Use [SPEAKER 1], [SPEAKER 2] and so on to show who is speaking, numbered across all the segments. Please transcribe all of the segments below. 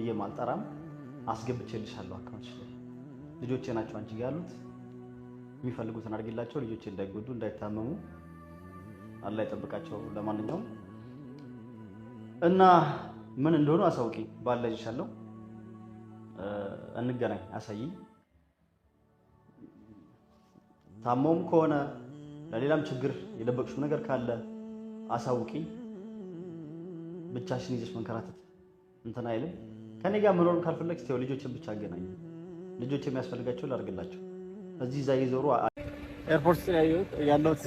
[SPEAKER 1] ብዬ ማልጠራም አስገብቼልሻለሁ። አካውንትሽ ላይ ልጆቼ ናቸው አንቺ ጋር ያሉት። የሚፈልጉትን አድርጌላቸው ልጆቼ እንዳይጎዱ እንዳይታመሙ አላህ ይጠብቃቸው። ለማንኛውም እና ምን እንደሆኑ አሳውቂ ባለይሻለሁ። እንገናኝ፣ አሳይ። ታሞም ከሆነ ለሌላም ችግር የደበቅሽው ነገር ካለ አሳውቂ። ብቻሽን ይዘሽ መንከራተት እንትን አይልም። ከኔ ጋር መኖር ካልፈለግ ስቴው ልጆችን ብቻ አገናኝ። ልጆች የሚያስፈልጋቸው ላድርግላቸው። እዚህ እዛ እየዞሩ ኤርፖርት ያለሁት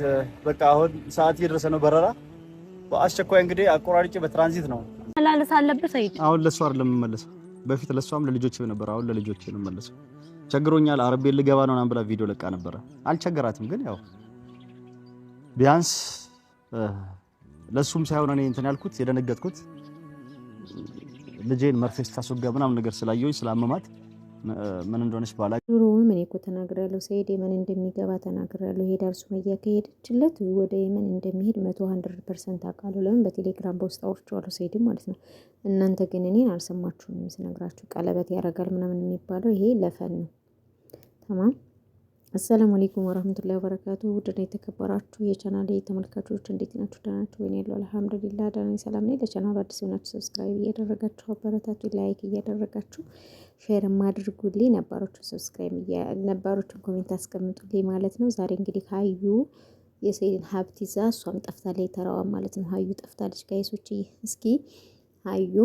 [SPEAKER 1] በቃ አሁን ሰዓት እየደረሰ ነው በረራ። በአስቸኳይ እንግዲህ አቆራርጬ በትራንዚት ነው
[SPEAKER 2] መላለስ አለብህ።
[SPEAKER 1] አሁን ለእሷ አይደለም የምመለሰው፣ በፊት ለእሷም ለልጆች ነበር። አሁን ለልጆች ነው የምመለሰው። ቸግሮኛል። አረቤ ልገባ ነው ምናምን ብላ ቪዲዮ ለቃ ነበረ። አልቸገራትም፣ ግን ያው ቢያንስ ለእሱም ሳይሆን እኔ እንትን ያልኩት የደነገጥኩት ልጄን መርፌ ስታስወጋ ምናምን ነገር ስላየኝ ስላመማት ምን እንደሆነች ባላ
[SPEAKER 2] ኑሮውን እኔ እኮ ተናግራለሁ። ሰኢድ የመን እንደሚገባ ተናግሬያለሁ። ይሄዳል ሱመያ ከሄደችለት ወደ የመን እንደሚሄድ መቶ ሀንድርድ ፐርሰንት አውቃለሁ። ለምን በቴሌግራም በውስጥ አውርቼዋለሁ ሰኢድን ማለት ነው። እናንተ ግን እኔን አልሰማችሁም። ስነግራችሁ ቀለበት ያደርጋል ምናምን የሚባለው ይሄ ለፈን ነው። ተማም አሰላሙ አለይኩም ወራህመቱላሂ ወበረካቱ። ውድና የተከበራችሁ የቻናሌ ተመልካቾች እንዴት ናችሁ? ደህና ናችሁ ወይ? ያለው አልሐምዱሊላህ ደህና ነኝ፣ ሰላም ነኝ። ለቻናሉ አዲስ ሆናችሁ ሰብስክራይብ እያደረጋችሁ አበረታቱ፣ ላይክ እያደረጋችሁ ሼር አድርጉልኝ። ነባሮቹ ሰብስክራይብ ነባሮቹን ኮሜንት አስቀምጡልኝ ማለት ነው። ዛሬ እንግዲህ ሀዩ የሰይድን ሀብት ይዛ እሷም ጠፍታለች፣ ተራዋ ማለት ነው። ሀዩ ጠፍታለች። ጋይሶች እስኪ ሀዩ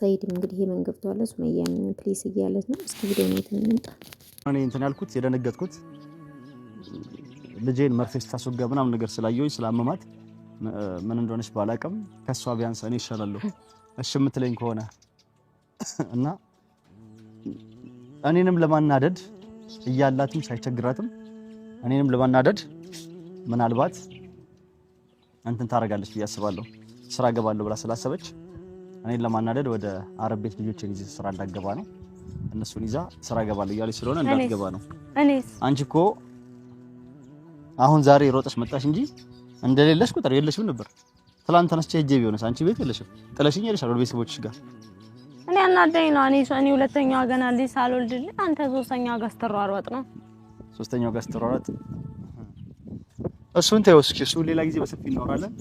[SPEAKER 2] ሰይድም እንግዲህ የመንገብቷለ ሱመያን ፕሊስ እያለት ነው። እስኪ ቪዲዮ ነው
[SPEAKER 1] እኔ እንትን ያልኩት የደነገጥኩት ልጄን መርፌ ስታስወጋ ምናምን ነገር ስላየሁኝ ስላመማት ምን እንደሆነች ባላቅም ከእሷ ቢያንስ እኔ ይሻላለሁ እሺ የምትለኝ ከሆነ እና እኔንም ለማናደድ እያላትም ሳይቸግራትም እኔንም ለማናደድ ምናልባት እንትን ታደርጋለች ብዬ አስባለሁ። ስራ ገባለሁ ብላ ስላሰበች እኔን ለማናደድ ወደ አረብ ቤት ልጆችን ይዤ ስራ እንዳገባ ነው እነሱን ይዛ ስራ እገባለሁ እያለች ስለሆነ እንዳትገባ ነው። አንቺ እኮ አሁን ዛሬ ሮጠሽ መጣሽ እንጂ እንደሌለሽ ቁጥር የለሽም ነበር። ትላንት ተነስቼ ሄጄ ቢሆንስ አንቺ ቤት የለሽም፣ ጥለሽኝ ሄደሻል ወደ ቤተሰቦችሽ ጋር።
[SPEAKER 2] እኔ አናደኝ ነው እኔ ሁለተኛዋ ገና ልጅ ሳልወልድልህ አንተ ሶስተኛዋ ጋር ስትሯሯጥ ነው።
[SPEAKER 1] ሶስተኛዋ ጋር ስትሯሯጥ እሱን ተይው እስኪ፣ እሱን ሌላ ጊዜ በሰፊ እናወራለን።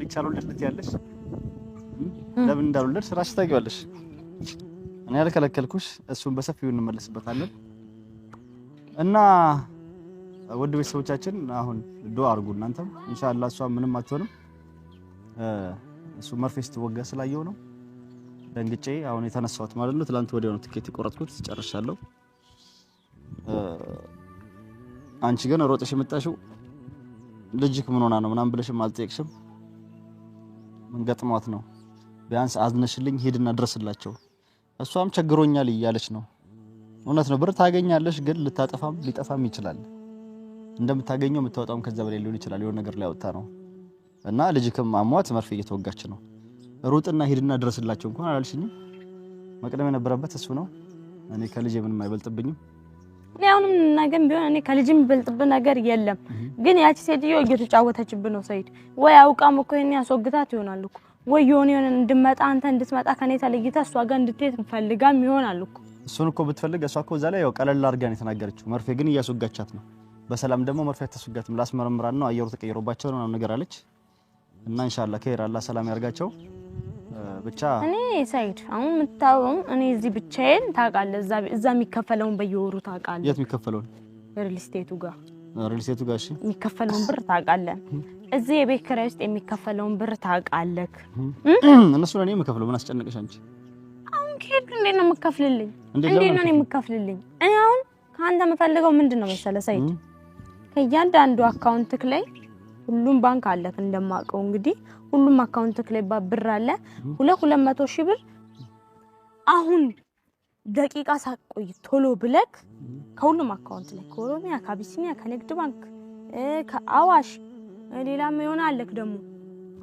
[SPEAKER 1] ልጅ ሳልወልድልህ ያለሽ ለምን እንዳልወለድ ስራሽ ታውቂዋለሽ። እኔ ያልከለከልኩሽ፣ እሱን በሰፊው እንመለስበታለን እና ውድ ቤተሰቦቻችን አሁን ዱአ አድርጉ። እናንተም ኢንሻአላህ እሷ ምንም አትሆንም። እሱ መርፌ ስትወጋ ስላየው ነው ደንግጬ አሁን የተነሳሁት ማለት ነው። ትላንት ወዲያው ነው ትኬት የቆረጥኩት፣ ጨርሻለሁ። አንቺ ግን ሮጠሽ የመጣሽው ልጅክ ምን ሆና ነው ምናምን ብለሽም አልጠየቅሽም። ምን ገጥሟት ነው? ቢያንስ አዝነሽልኝ ሂድና ድረስላቸው እሷም ቸግሮኛል እያለች ነው። እውነት ነው፣ ብር ታገኛለሽ፣ ግን ልታጠፋም ሊጠፋም ይችላል። እንደምታገኘው የምታወጣውም ከዛ በላይ ሊሆን ይችላል። የሆነ ነገር ላይ ወጣ ነው እና ልጅክም አሟት መርፌ እየተወጋች ነው። ሩጥና ሂድና ድረስላቸው እንኳን አላልሽኝም። መቅደም የነበረበት እሱ ነው። እኔ ከልጅ ምንም አይበልጥብኝም።
[SPEAKER 2] እኔ አሁንም ነገም ቢሆን እኔ ከልጅ የሚበልጥብን ነገር የለም። ግን ያቺ ሴትዮ እየተጫወተችብን ነው ሰይድ። ወይ አውቃም እኮ ይሄን ያስወግታት ይሆናል እኮ ወይ የሆነ የሆነ እንድመጣ አንተ እንድትመጣ ከኔ ተለይታ እሷ ጋር እንድትሄድ እንፈልጋም ይሆናል እኮ
[SPEAKER 1] እሱን እኮ ብትፈልግ እሷ እኮ እዛ ላይ ያው ቀለል አድርጋን የተናገረችው መርፌ ግን እያስወጋቻት ነው። በሰላም ደግሞ መርፌ አታስወጋትም። ላስመረምራት ነው አየሩ ተቀይሮባቸው ነው ነገር አለች እና ኢንሻአላህ ከይር አላህ ሰላም ያርጋቸው።
[SPEAKER 2] ብቻ እኔ ሰይድ አሁን የምታውም እኔ እዚህ ብቻዬን ታውቃለህ፣ እዛ የሚከፈለውን በየወሩ ታውቃለህ። የት የሚከፈለውን ሪል ስቴቱ ጋር ሪልስቴቱ ጋሽ የሚከፈለውን ብር ታውቃለህ። እዚህ የቤት ኪራይ ውስጥ የሚከፈለውን ብር ታውቃለህ።
[SPEAKER 1] እነሱ ለእኔ የምከፍለው ምን አስጨነቀሽ አንቺ?
[SPEAKER 2] አሁን ከሄድክ እንዴት ነው የምከፍልልኝ? እንዴት ነው የምከፍልልኝ? እኔ አሁን ከአንተ የምፈልገው ምንድን ነው መሰለህ ሰይድ፣ ከእያንዳንዱ አካውንትክ ላይ ሁሉም ባንክ አለክ እንደማውቀው እንግዲህ ሁሉም አካውንትክ ላይ ብር አለ። ሁለት ሁለት መቶ ሺህ ብር አሁን ደቂቃ ሳቆይ ቶሎ ብለክ ከሁሉም አካውንት ላይ ከኦሮሚያ፣ ከአቢሲኒያ፣ ከንግድ ባንክ፣ ከአዋሽ ሌላም የሆነ አለክ ደግሞ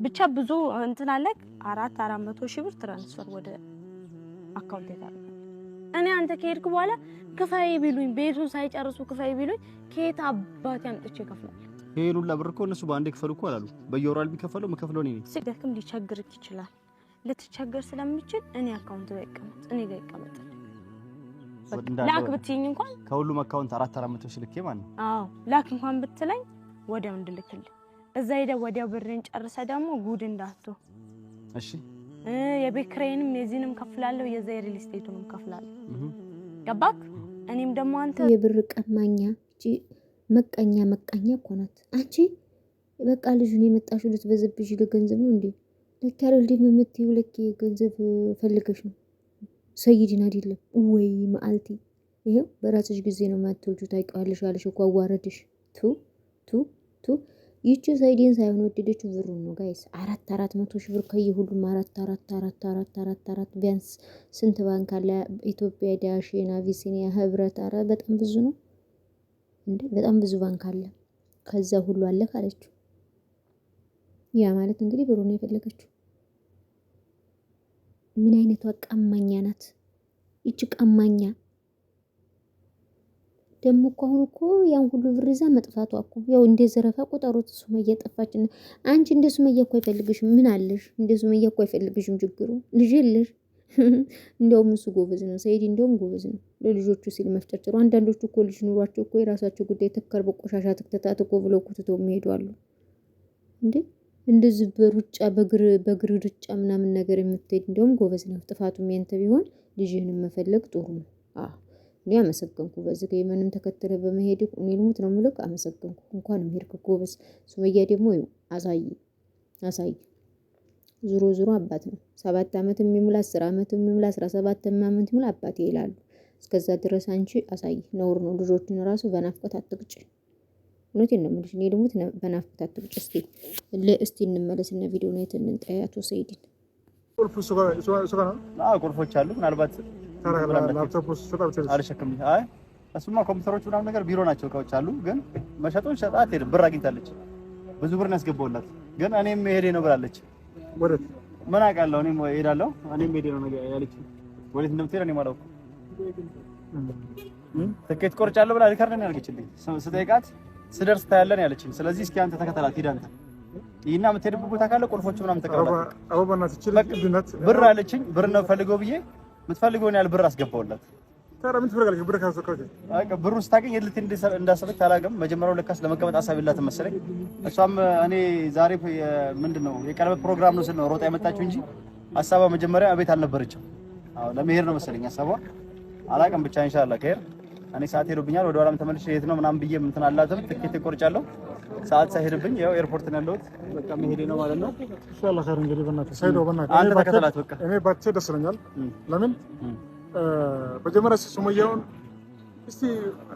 [SPEAKER 2] ብቻ ብዙ እንትን አለክ አራት አራት መቶ ሺህ ብር ትራንስፈር ወደ አካውንት የታለ። እኔ አንተ ከሄድክ በኋላ ክፈይ ቢሉኝ ቤቱን ሳይጨርሱ ክፈይ ቢሉኝ ከየት አባቴ አምጥቼ እከፍላለሁ?
[SPEAKER 1] ይሄን ሁላ ብር እኮ እነሱ በአንዴ ክፈሉ እኮ አላሉ። በየወራል ቢከፈለው መከፍለው እኔ ነኝ።
[SPEAKER 2] ሲደክም ሊቸግርክ ይችላል። ልትቸገር ስለምችል እኔ አካውንት ላይ ይቀመጥ፣ እኔ ጋር ይቀመጥ። ላክ ብትይኝ እንኳን
[SPEAKER 1] ከሁሉም አካውንት አራት አራት መቶ ሺህ ልኬ ማለት
[SPEAKER 2] ነው። አዎ ላክ እንኳን ብትለኝ ወዲያው እንድልክልህ እዛ ሄደህ ወዲያው ብርን ጨርሰ ደግሞ ጉድ እንዳትቶ። እሺ የቤት ኪራይንም የዚህንም ከፍላለሁ፣ የዛ የሪል ስቴቱንም ከፍላለሁ። ገባክ? እኔም ደግሞ አንተ የብር ቀማኛ መቀኛ መቀኛ እኮ ናት አንቺ። በቃ ልጁን የመጣሽው ልትበዘብሽ ለገንዘብ ነው እንዴ? ለካ ልልዴ የምትይው ለኬ ገንዘብ ፈልገሽ ነው ሰይድን አይደለም ወይ መአልቲ ይሄው በራስሽ ጊዜ ነው ማትወጁ ታውቂዋለሽ አለሽ እኮ አዋረድሽ ቱ ቱ ቱ ይቺ ሰይድን ሳይሆን ወደደችው ብሩን ነው ጋይስ አራት አራት መቶ ሺህ ብር ከየሁሉም አራት አራት አራት አራት አራት አራት ቢያንስ ስንት ባንክ አለ ኢትዮጵያ ዳሽን አቢሲኒያ ህብረት አረ በጣም ብዙ ነው እንዴ በጣም ብዙ ባንክ አለ ከዛ ሁሉ አለ ካለችው ያ ማለት እንግዲህ ብሩን የፈለገችው ምን አይነቷ ቀማኛ ናት ይቺ ቀማኛ! ደግሞ እኮ አሁን እኮ ያን ሁሉ ብር ይዛ መጥፋቷ እኮ ያው እንደ ዘረፋ ቁጠሩት። ሱመያ ጠፋች። አንቺ እንደ ሱመያ እኮ አይፈልግሽም። ምን አለሽ? እንደ ሱመያ እኮ አይፈልግሽም። ችግሩ ልጅ የለሽ። እንደውም እሱ ጎበዝ ነው ሰይድ፣ እንደውም ጎበዝ ነው ለልጆቹ ሲል መፍጨርጭሩ። አንዳንዶቹ እኮ ልጅ ኑሯቸው እኮ የራሳቸው ጉዳይ ተከርበ ቆሻሻ ትክተታት እኮ ብለው ኩትቶ የሚሄዱ አሉ እንዴ እንደዚህ በሩጫ በእግር በእግር ሩጫ ምናምን ነገር የምትሄድ እንደውም ጎበዝ ነው። ጥፋቱም ያንተ ቢሆን ልጅህንም መፈለግ ጥሩ ነው። እኔ አመሰገንኩ በዚህ ጋ የማንም ተከተለ በመሄድ እኔ ልሙት ነው ምልክ አመሰገንኩ። እንኳን ሄድክ ጎበዝ። ሱመያ ደግሞ ይኸው አሳይ አሳይ ዙሮ ዞሮ አባት ነው። ሰባት አመት የሚሙል አስር አመት የሚሙል አስራ ሰባት አመት ይሙላ አባት ይላሉ። እስከዛ ድረስ አንቺ አሳይ ነውር ነው። ልጆቹን ራሱ በናፍቆት አትቅጭል። እውነቴን ነው የምልሽ። እኔ ደግሞ በናፍቆት እስቲ እስቲ እንመለስና ቪዲዮ ነው የትንንጠያቸው ሰይድን
[SPEAKER 1] ቁልፍ ነው። ቁልፎች አሉ። ምናልባት አልሸክም። አይ እሱማ ኮምፒውተሮች ምናምን ነገር ቢሮ ናቸው እቃዎች አሉ። ግን ሸጣ አትሄድም። ብር አግኝታለች። ብዙ ብር ነው ያስገባውላት። ግን እኔም መሄዴ ነው ብላለች። ምን አውቃለሁ። እኔም እሄዳለሁ። እኔም ነው ያለች። ወዴት እንደምትሄድ እኔም አላውቅም። ትኬት ቆርጫለሁ ብላ ሪከርድ ነው ያደርገችልኝ ስጠይቃት ስደርስ ታያለን ያለችኝ። ስለዚህ እስኪ አንተ ተከተላት ሂድ አንተ ይህና የምትሄድበት ቦታ ካለ ቁልፎቹ ምናምን ተቀበላት። ብር አለችኝ። ብር ነው ፈልገው ብዬ የምትፈልገውን ያህል ብር አስገባውላት። ብሩ ስታገኝ የት ልትሄድ እንዳሰበች አላውቅም። መጀመሪያው ለካስ ለመቀመጥ ሀሳብ የላትም መሰለኝ። እሷም እኔ ዛሬ ምንድን ነው የቀለበት ፕሮግራም ነው ስል ነው ሮጣ የመጣችው እንጂ ሀሳቧ መጀመሪያ ቤት አልነበረችም። ለመሄድ ነው መሰለኝ ሀሳቧ አላውቅም። ብቻ ኢንሻላህ ከሄድን እኔ ሰዓት ሄዶብኛል፣ ወደ ኋላም ተመልሼ የት ነው ምናምን ብዬ እንትን አላትም። ትኬት ቆርጫለሁ፣ ሰዓት ሳይሄድብኝ ያው ኤርፖርት ነው ያለሁት። በቃ መሄዴ ነው ማለት ነው። ኢንሻአላህ ኸይር። እንግዲህ በእናትህ ሳይዶ፣ በእናትህ አንተ ተከተላት። በቃ እኔ ባትሄድ ደስ ይለኛል። ለምን መጀመሪያ ሱመያውን እስቲ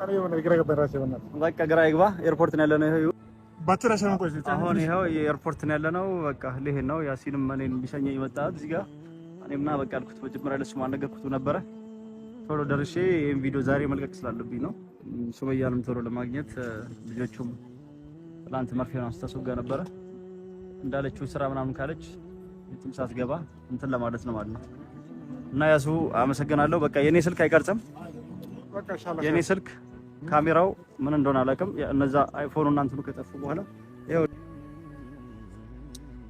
[SPEAKER 1] እኔ የሆነ ግራ ገባ ራሴ። በእናትህ በቃ ግራ ይግባ። ኤርፖርት ነው ያለነው ይሄው አሁን ይኸው የኤርፖርት ነው ያለነው። በቃ ልሄድ ነው። ያሲንም እኔን ቢሸኘኝ መጣ እዚህ ጋር እኔ ምና በቃ አልኩት። መጀመሪያ ለሱ አልነገርኩትም ነበረ ቶሎ ደርሼ ይህም ቪዲዮ ዛሬ መልቀቅ ስላለብኝ ነው። ሱመያንም ቶሎ ለማግኘት ልጆቹም ትላንት መርፌን አስተሰጋ ነበረ እንዳለችው ስራ ምናምን ካለች የትም ሳትገባ እንትን ለማለት ነው ማለት ነው። እና ያሱ አመሰግናለሁ። በቃ የኔ ስልክ አይቀርጽም። የኔ ስልክ ካሜራው ምን እንደሆነ አላውቅም። እነዛ አይፎኑ እናንትኑ ከጠፉ በኋላ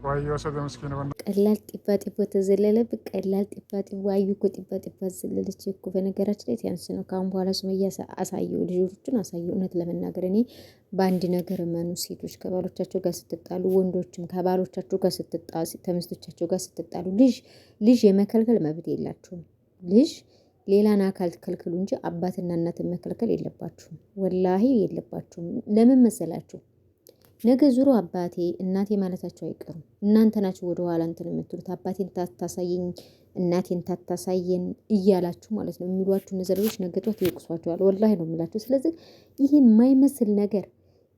[SPEAKER 2] ዋዩ ወሰደ ምስኪን ቀላል ጢባ ጢቦ ተዘለለብህ። ቀላል ጢባ ጢቦ ዋዩ እኮ ጢባ ጢባ ዘለለች እኮ። በነገራችን ላይ ቲያንስ ነው። ከአሁን በኋላ ሱመያ አሳየው፣ ልጆቹን አሳየው። እውነት ለመናገር እኔ በአንድ ነገር መኑ ሴቶች ከባሎቻቸው ጋር ስትጣሉ፣ ወንዶችም ከባሎቻቸው ጋር ስትጣ ተምስቶቻቸው ጋር ስትጣሉ፣ ልጅ ልጅ የመከልከል መብት የላችሁም ልጅ ሌላን አካል ትከልክሉ እንጂ አባትና እናትን መከልከል የለባችሁም። ወላሂ የለባችሁም። ለምን መሰላችሁ? ነገ ዙሮ አባቴ እናቴ ማለታቸው አይቀሩም። እናንተ ናችሁ ወደ ኋላ እንትን የምትሉት አባቴን ታታሳየኝ እናቴን ታታሳየን እያላችሁ ማለት ነው የሚሏችሁ እነዚያ ነገ ጧት ይወቅሷቸዋል። ወላሂ ነው የምላችሁ። ስለዚህ ይህ የማይመስል ነገር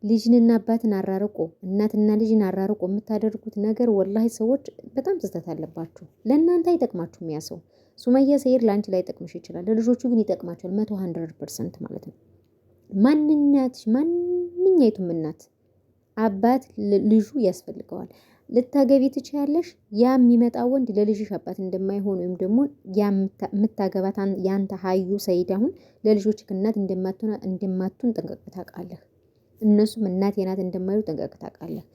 [SPEAKER 2] ልጅንና አባትን አራርቆ እናትና ልጅን አራርቆ የምታደርጉት ነገር ወላሂ ሰዎች በጣም ስህተት አለባችሁ። ለእናንተ አይጠቅማችሁም። ያ ሰው ሱመያ ሰይድ ለአንቺ ጠቅምሽ ይችላል። ለልጆቹ ግን ይጠቅማቸዋል። መቶ ሀንድረድ ፐርሰንት ማለት ነው። ማንኛይቱም እናት አባት ልጁ ያስፈልገዋል። ልታገቢ ትችያለሽ ያ የሚመጣ ወንድ ለልጅሽ አባት እንደማይሆን ወይም ደግሞ ያ የምታገባት ያንተ ሀዩ ሰይድ አሁን ለልጆች እናት እንደማትሆን እንደማትሆን ጠንቅቀህ ታውቃለህ። እነሱም እናቴ የናት እንደማይሉ ጠንቅቀህ ታውቃለህ።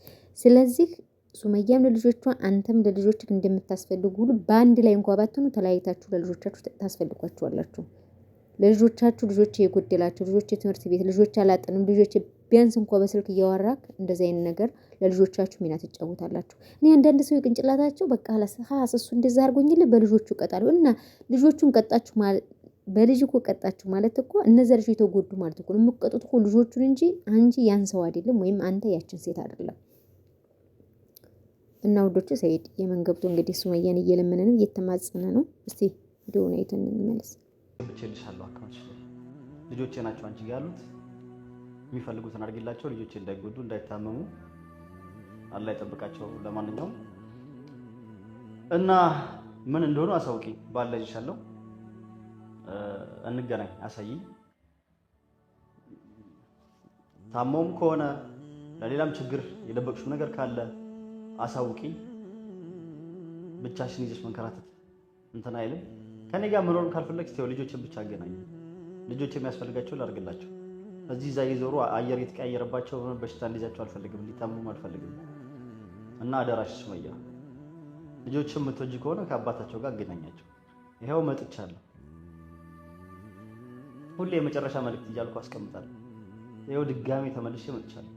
[SPEAKER 2] ስለዚህ ሱመያም ለልጆቿ አንተም ለልጆችህ እንደምታስፈልጉ ሁሉ በአንድ ላይ እንኳ ባትሆኑ ተለያይታችሁ ለልጆቻችሁ ታስፈልጓችኋላችሁ። ለልጆቻችሁ ልጆች የጎደላቸው ልጆች ትምህርት ቤት ልጆች አላጠንም ልጆች ቢያንስ እንኳ በስልክ እያወራክ እንደዚህ አይነት ነገር ለልጆቻችሁ ሚና ትጫወታላችሁ። እኔ አንዳንድ ሰው የቅንጭላታቸው በቃ ሀላስ እንደዛ አድርጎኝል በልጆቹ ቀጣሉ እና ልጆቹን ቀጣችሁ በልጅ እኮ ቀጣችሁ ማለት እኮ እነዚ ልጅ የተጎዱ ማለት እኮ የምቀጡት እኮ ልጆቹን እንጂ አንቺ ያን ሰው አይደለም፣ ወይም አንተ ያችን ሴት አይደለም። እና ውዶቹ ሰይድ የመንገብቱ እንግዲህ ሱመያን እየለመነ ነው እየተማጸነ ነው። እስቲ ዲሆን አይተን እንመለስ።
[SPEAKER 1] ልጆቼ ናቸው አንቺ ያሉት የሚፈልጉትን አድርጌላቸው ልጆች እንዳይጎዱ እንዳይታመሙ አላ ይጠብቃቸው። ለማንኛውም እና ምን እንደሆኑ አሳውቂ ባለጅሻለሁ። እንገናኝ፣ አሳይኝ። ታመውም ከሆነ ለሌላም ችግር የደበቅሽው ነገር ካለ አሳውቂ። ብቻሽን ይዘሽ መንከራተት እንትን አይልም። ከኔ ጋር መኖርም ካልፈለግሽ ልጆችን ብቻ አገናኝ። ልጆች የሚያስፈልጋቸው ላድርግላቸው። እዚህ እዛ እየዞሩ አየር የተቀያየረባቸው በሽታ እንዲዛቸው አልፈልግም፣ እንዲታመሙ አልፈልግም። እና አደራሽ ሱመያ ልጆች የምትወጂ ከሆነ ከአባታቸው ጋር አገናኛቸው። ይኸው መጥቻለሁ። ሁሌ የመጨረሻ መልእክት እያልኩ አስቀምጣለሁ። ይኸው ድጋሜ ተመልሼ መጥቻለሁ።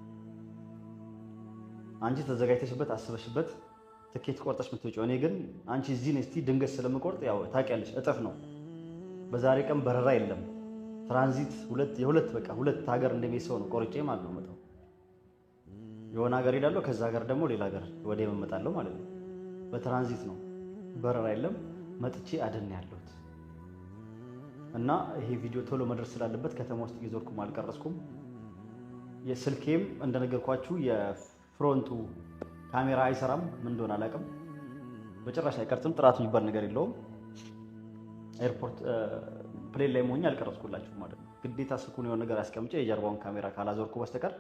[SPEAKER 1] አንቺ ተዘጋጅተሽበት አስበሽበት ትኬት ቆርጠሽ የምትወጪው፣ እኔ ግን አንቺ እዚህ ነስቲ ድንገት ስለምቆርጥ ያው ታውቂያለሽ፣ እጥፍ ነው። በዛሬ ቀን በረራ የለም። ትራንዚት ሁለት የሁለት በቃ ሁለት ሀገር እንደሚሄድ ሰው ነው። ቆርጬ ማለት ነው መጣው የሆነ ሀገር ሄዳለሁ፣ ከዛ ሀገር ደግሞ ሌላ ሀገር ወደ መመጣለሁ ማለት ነው። በትራንዚት ነው፣ በረራ የለም። መጥቼ አደን ያለሁት እና ይሄ ቪዲዮ ቶሎ መድረስ ስላለበት ከተማ ውስጥ እየዞርኩም አልቀረስኩም። የስልኬም እንደነገርኳችሁ የፍሮንቱ ካሜራ አይሰራም። ምን እንደሆነ አላውቅም። በጭራሽ አይቀርጽም። ጥራቱ የሚባል ነገር የለውም። ኤርፖርት ፕሌን ላይ መሆኛ አልቀረጽኩላችሁ ማለት ነው። ግዴታ ስልኩን የሆነ ነገር አስቀምጬ የጀርባውን ካሜራ ካላዞርኩ በስተቀር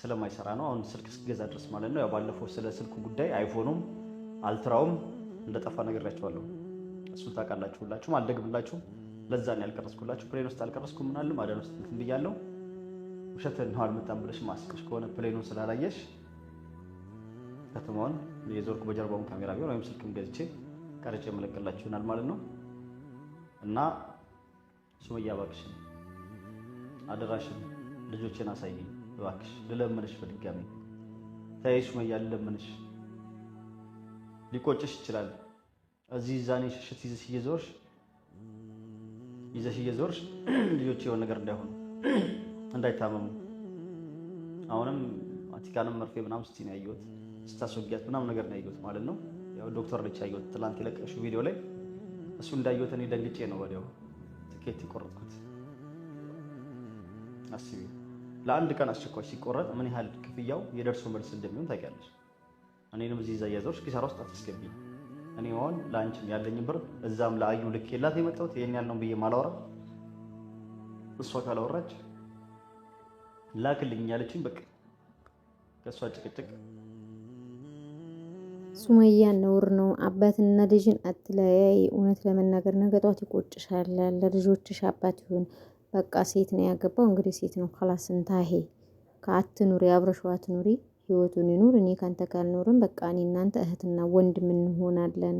[SPEAKER 1] ስለማይሰራ ነው። አሁን ስልክ እስክገዛ ድረስ ማለት ነው። ያው ባለፈው ስለ ስልኩ ጉዳይ አይፎኑም አልትራውም እንደጠፋ ነግሬያቸዋለሁ። እሱን ታውቃላችሁ ሁላችሁም፣ አልደግምላችሁም። ለዛ ነው ያልቀረስኩላችሁ። ፕሌን ውስጥ አልቀረስኩም። ምናለ አደን ውስጥ እንትን ብያለሁ። ውሸት ነው አልመጣም ብለሽ ማስቀሽ ከሆነ ፕሌኑን ስላላየሽ ከተማውን የዞርኩ በጀርባውን ካሜራ ቢሆን ወይም ስልክም ገዝቼ ቀርጬ የመለቅላችሁ ይሆናል ማለት ነው እና ሱመያ እባክሽን አደራሽን ልጆችን አሳይ እባክሽ፣ ልለምንሽ በድጋሚ ተይ ሱመያ ልለምንሽ። ሊቆጭሽ ይችላል። እዚህ ዛኔ ሽሽት ይዘሽ እየዞርሽ ይዘሽ እየዞርሽ ልጆች የሆነ ነገር እንዳይሆኑ እንዳይታመሙ። አሁንም አቲካንም መርፌ ምናምን ስቲ ነው ያየሁት፣ ስታስወጊያት ምናምን ነገር ነው ያየሁት ማለት ነው። ያው ዶክተር ልጅ ያየሁት ትላንት የለቀቅሽው ቪዲዮ ላይ እሱ እንዳየሁት እኔ ደንግጬ ነው ወዲያው ኬት የቆረጥኩት አስቢ። ለአንድ ቀን አስቸኳይ ሲቆረጥ ምን ያህል ክፍያው የደርሶ መልስ እንደሚሆን ታውቂያለሽ። እኔንም እዚህ እዛ እያዞርሽ ኪሳራ ውስጥ አታስገቢኝ። እኔ አሁን ለአንቺም ያለኝ ብር እዛም ለአዩ ልክ የላት የመጣሁት ይህን ያልነው ብዬ ማላወራ እሷ ካላወራች ላክልኝ ያለችኝ በቃ ከእሷ ጭቅጭቅ
[SPEAKER 2] ሱመያ ነውር ነው። አባትና ልጅን አትለያይ። እውነት ለመናገር ነገ ጧት ይቆጭሻል። ለልጆችሽ አባት ይሁን። በቃ ሴት ነው ያገባው። እንግዲህ ሴት ነው ካላስ እንታሄ ከአትኑሪ አብረሽው አትኑሪ። ህይወቱን ይኑር። እኔ ካንተ ካልኖርም በቃ እኔ እናንተ እህትና ወንድም እንሆናለን።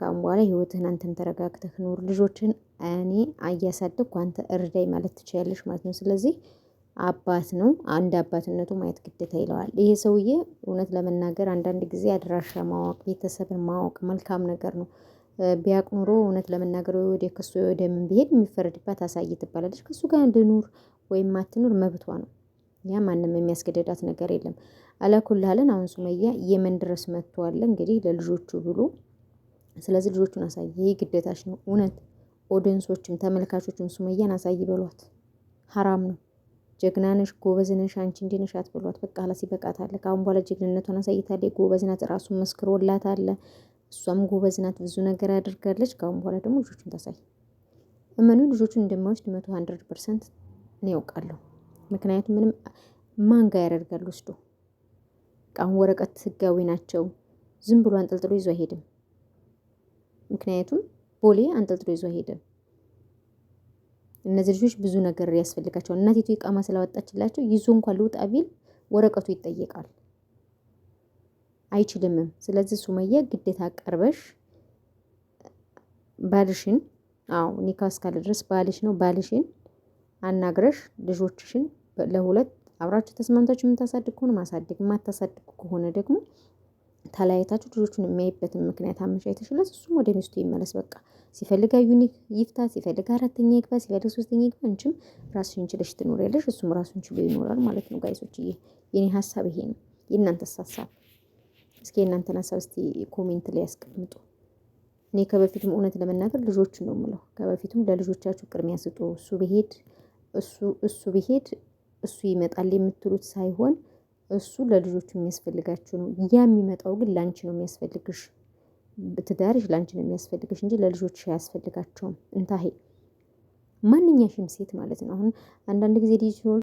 [SPEAKER 2] ካሁን በኋላ ህይወትህን አንተን ተረጋግተህ ኑር። ልጆችን እኔ እያሳደግኩ አንተ እርዳይ ማለት ትችያለሽ ማለት ነው። ስለዚህ አባት ነው። አንድ አባትነቱ ማየት ግዴታ ይለዋል። ይሄ ሰውዬ እውነት ለመናገር አንዳንድ ጊዜ አድራሻ ማወቅ፣ ቤተሰብን ማወቅ መልካም ነገር ነው። ቢያውቅ ኖሮ እውነት ለመናገር ወደ ክሱ ወደ ምን ቢሄድ የሚፈረድባት አሳይ ትባላለች። ከሱ ጋር ልኑር ወይም አትኑር መብቷ ነው። ያ ማንም የሚያስገደዳት ነገር የለም። አላኩልሃለን አሁን ሱመያ የመን ድረስ መጥቷል። እንግዲህ ለልጆቹ ብሎ ስለዚህ ልጆቹን አሳይ፣ ይህ ግዴታሽ ነው። እውነት ኦዲየንሶችም ተመልካቾችም ሱመያን አሳይ በሏት፣ ሀራም ነው። ጀግናነሽ ጎበዝነሽ አንቺ እንዲነሽ አትበሏት። በቃ ኋላ ሲበቃት አለ ከአሁን በኋላ ጀግንነቷን አሳይታለች። ጎበዝናት ራሱ መስክሮላት አለ። እሷም ጎበዝናት ብዙ ነገር አድርጋለች። ከአሁን በኋላ ደግሞ ልጆቹን ታሳይ። እመኑ ልጆቹን እንደማይወስድ መቶ ሀንድረድ ፐርሰንት እኔ ያውቃለሁ። ምክንያቱም ምንም ማንጋ ያደርጋል ወስዶ አሁን ወረቀት ህጋዊ ናቸው። ዝም ብሎ አንጠልጥሎ ይዞ አይሄድም። ምክንያቱም ቦሌ አንጠልጥሎ ይዞ አይሄድም። እነዚህ ልጆች ብዙ ነገር ያስፈልጋቸዋል። እናቲቱ ይቃማ ስላወጣችላቸው ይዞ እንኳን ልውጣ ቢል ወረቀቱ ይጠየቃል፣ አይችልምም። ስለዚህ ሱመያ ግዴታ ቀርበሽ ባልሽን፣ አዎ ኒካ እስካለ ድረስ ባልሽ ነው፣ ባልሽን አናግረሽ ልጆችሽን ለሁለት አብራችሁ ተስማምታችሁ የምታሳድግ ከሆነ ማሳድግ፣ የማታሳድግ ከሆነ ደግሞ ተለያይታችሁ ልጆቹን የሚያይበትን ምክንያት አመቻችተሽለት እሱም ወደ ሚስቱ ይመለስ በቃ። ሲፈልግ ዩኒክ ይፍታ፣ ሲፈልግ አራተኛ ይግባ፣ ሲፈልግ ሶስተኛ ይግባ። እንችም ራስሽን ችለሽ ትኖሪያለሽ፣ እሱም ራሱን ችሎ ይኖራል ማለት ነው። ጋይሶች የኔ ሀሳብ ይሄ ነው። የእናንተስ ሀሳብ እስኪ የእናንተን ሀሳብ እስቲ ኮሜንት ላይ ያስቀምጡ። እኔ ከበፊቱም እውነት ለመናገር ልጆች ነው የምለው። ከበፊቱም ለልጆቻችሁ ቅድሚያ ስጡ። እሱ ብሄድ እሱ እሱ ብሄድ እሱ ይመጣል የምትሉት ሳይሆን እሱ ለልጆቹ የሚያስፈልጋቸው ነው። ያ የሚመጣው ግን ለአንቺ ነው የሚያስፈልግሽ። ትዳርሽ ለአንቺ ነው የሚያስፈልግሽ እንጂ ለልጆች አያስፈልጋቸውም። እንታሄ ማንኛሽም ሴት ማለት ነው። አሁን አንዳንድ ጊዜ ልጅ